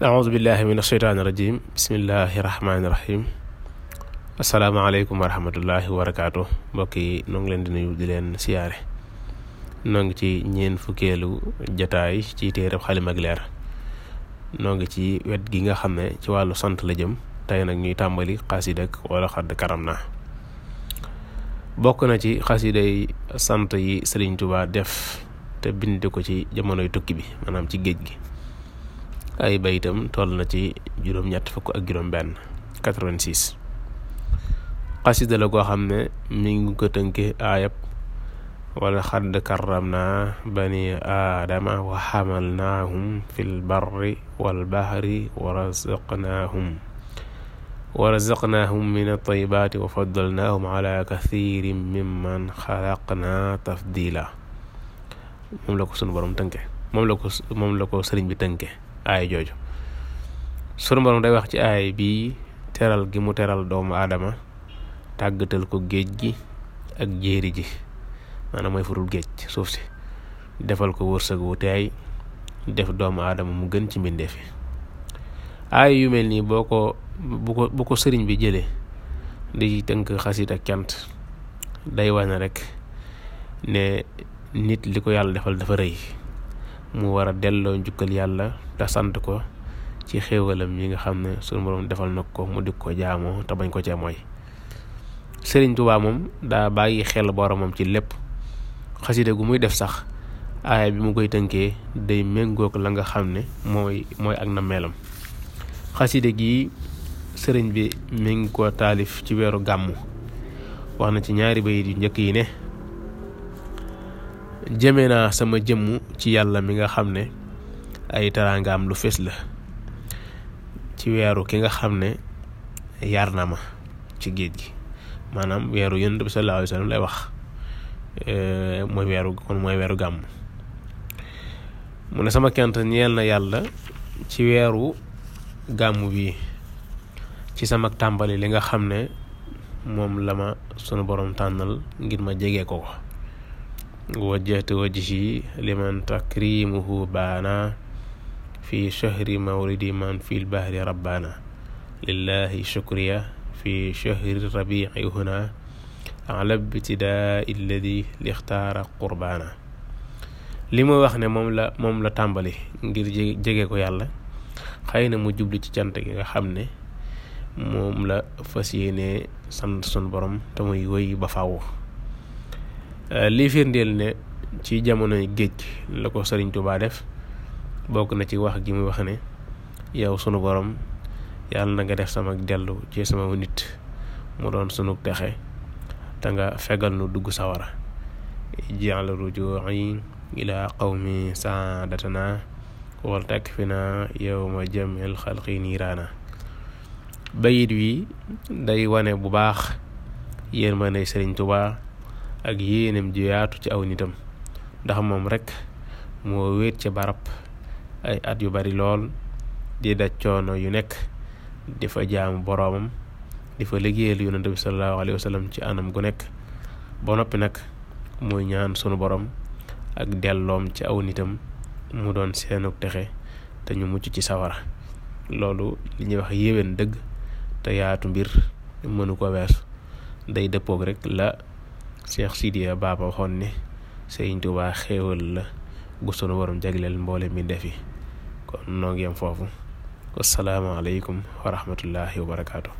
aousubillahi min asheytaani irajim bismillahi rahmaaniirahim asalaamaaleykum wa rahmatullahi wa barakaatu mbokk yi noo ngi leen di nuyu di leen siyaare noo ngi ci ñeen fukkeelu jataay ci téereb Xalimag Leer noo ngi ci wet gi nga xam ne ci wàllu sant la jëm tey nag ñuy tàmbali xasida ak xadd karam naa bokk na ci xasiday sant yi Sëriñ Tuubaa def te bind ko ci jamonoy tukki bi maanaam ci géej gi ay baytam toll na ci juróom-ñett fukk ak juróom-benn 86. xasida la koo xam ne mi ngi ko tënke aayab wala xadd karram naa bani aadama wa xamalnaahum fil barri wal bahri wa razaqnaahum wa razaqnaahum min at-tayyibaati wa faddalnaahum ala moom la ko sunu borom tënke moom ko moom bi tënke aay jooju sunu day wax ci aay bi teral gi mu teral doomu aadama tàggatal ko géej gi ak jéeri ji maanaam mooy furul géej suuf si defal ko wërsëg wu teey def doomu aadama mu gën ci mbindeef yi aay yu mel nii boo ko bu ko sëriñ bi jële di tënk xasit ak cant day wane rek ne nit li ko yàlla defal dafa rëy mu war a delloo njukkal yàlla te sant ko ci xéewalam yi nga xam ne sunu borom defal na ko mu di ko jaamoo te bañ ko cee mooy Sëriñ Tuubaa moom daa bàyyi xel moom ci lépp xaside gu muy def sax aaya bi mu koy tënkee day méngook la nga xam ne mooy mooy ak na meelam xaside gi sëriñ bi mi ngi ko taalif ci weeru gàmmu wax na ci ñaari bayit yu njëkk yi ne jëmee naa sama jëmm ci yàlla mi nga xam ne ay teraangaam lu fees la ci weeru ki nga xam ne yar na ma ci géej gi maanaam weeru yonent bi sallallahu alayhi wa lay wax eh, mooy weeru kon mooy weeru gàmm mu ne sama kent ñeel na yàlla ci weeru gàmm bii ci sama tàmbali li nga xam ne moom la ma sunu borom tànnal ngir ma jege ko ko wajjahtu wajhi liman takrimuhu baana fi shahri mawlidi man fil bahri rabbana lillahi shukriya fi shahri rabici huna ala ibtidaa illadi lixtaara qurbaana li wax ne moom la tàmbali ngir jege ko yàlla xëy na mu jublu ci cant gi nga xam ne moom la fas yéene sant sun borom te muy wéy ba fàww Euh, lii firndeel ne ci jamonoy géej la ko sëriñ Tuubaa def bokk na ci wax gi mu wax ne yow sunu borom yàlla na nga def sama dellu ci sama nit mu doon sunu texe te nga fegal nu dugg sawara jaala rujuu'i ilaa qawmi saadatana wal takfina yawma jamil xalqi niiraana bayit wi day wane bu baax yéen ma ne sëriñ Tuubaa ak yéeneem ju yaatu ci aw nitam ndax moom rekk moo wéet ci barab ay at yu bari lool di daj yu nekk di fa jaamu boroomam di fa liggéeyal yonent bi sallallahu alayhi wa ci anam gu nekk ba noppi nag muy ñaan sunu boroom ak delloom ci aw nitam mu doon seenug texe te ñu mucc ci sawara loolu li ñuy wax yéwén dëgg te yaatu mbir mënu ko weer day dëppoog rekk la Cheikh Sidiya Baba waxoon ne Sëriñ Tuubaa xéewal la gu sunu borom jagleel mboole mi defi kon noo ngi foofu wasalaamaaleykum wa rahmatullahi wa barakaatu.